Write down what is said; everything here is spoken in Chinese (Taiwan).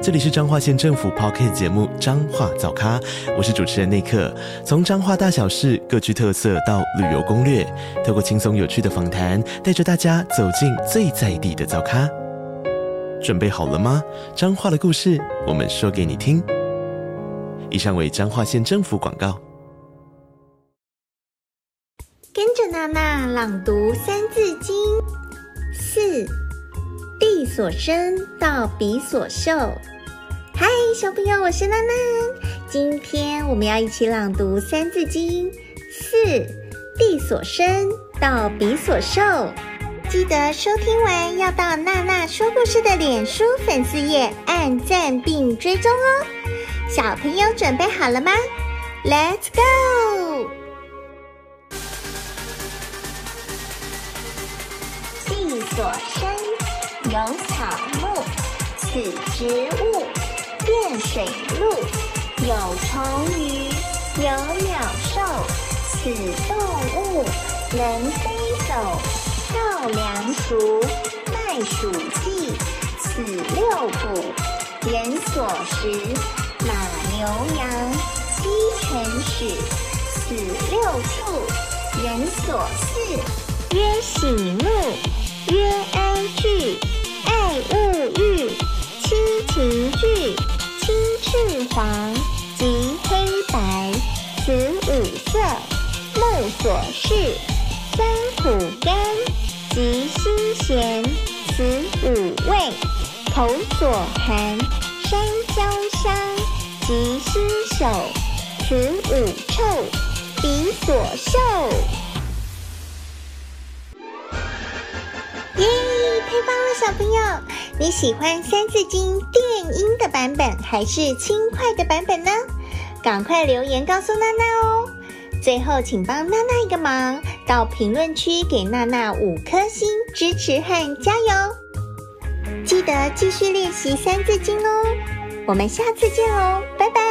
這裡是彰化縣政府 Podcast 節目《彰化早咖》，我是主持人內克。從彰化大小事各具特色到旅遊攻略，透過輕鬆有趣的訪談，帶着大家走進最在地的早咖。準備好了嗎？彰化的故事，我們說給你聽。以上為彰化縣政府廣告。跟着娜娜朗讀《三字經》，四。地所生，到鼻所嗅。嗨，小朋友，我是娜娜。今天我們要一起朗讀《三字經》四。四地所生，到鼻所嗅。記得收聽完要到娜娜說故事的臉書粉絲頁按讚並追蹤哦。小朋友準備好了嗎？Let's go。地所生。有草木，此植物；遍水陸，有蟲魚，有鳥獸，此動物。能飛走，稻粱菽；麥黍稷，此六穀，人所食。馬牛羊，雞犬豕，此六畜，人所飼。曰喜怒。具青赤黃及黑白，此五色；目所視，酸苦甘及辛鹹，此五味；口所含，膻焦香及腥朽，此五臭；鼻所嗅。一、yeah. 太棒了，小朋友！你喜歡《三字經》電音的版本還是輕快的版本呢？趕快留言告訴娜娜哦！最後，請幫娜娜一個忙，到評論區給娜娜五顆星支持和加油！記得繼續練習《三字經》哦，我們下次見哦，拜拜！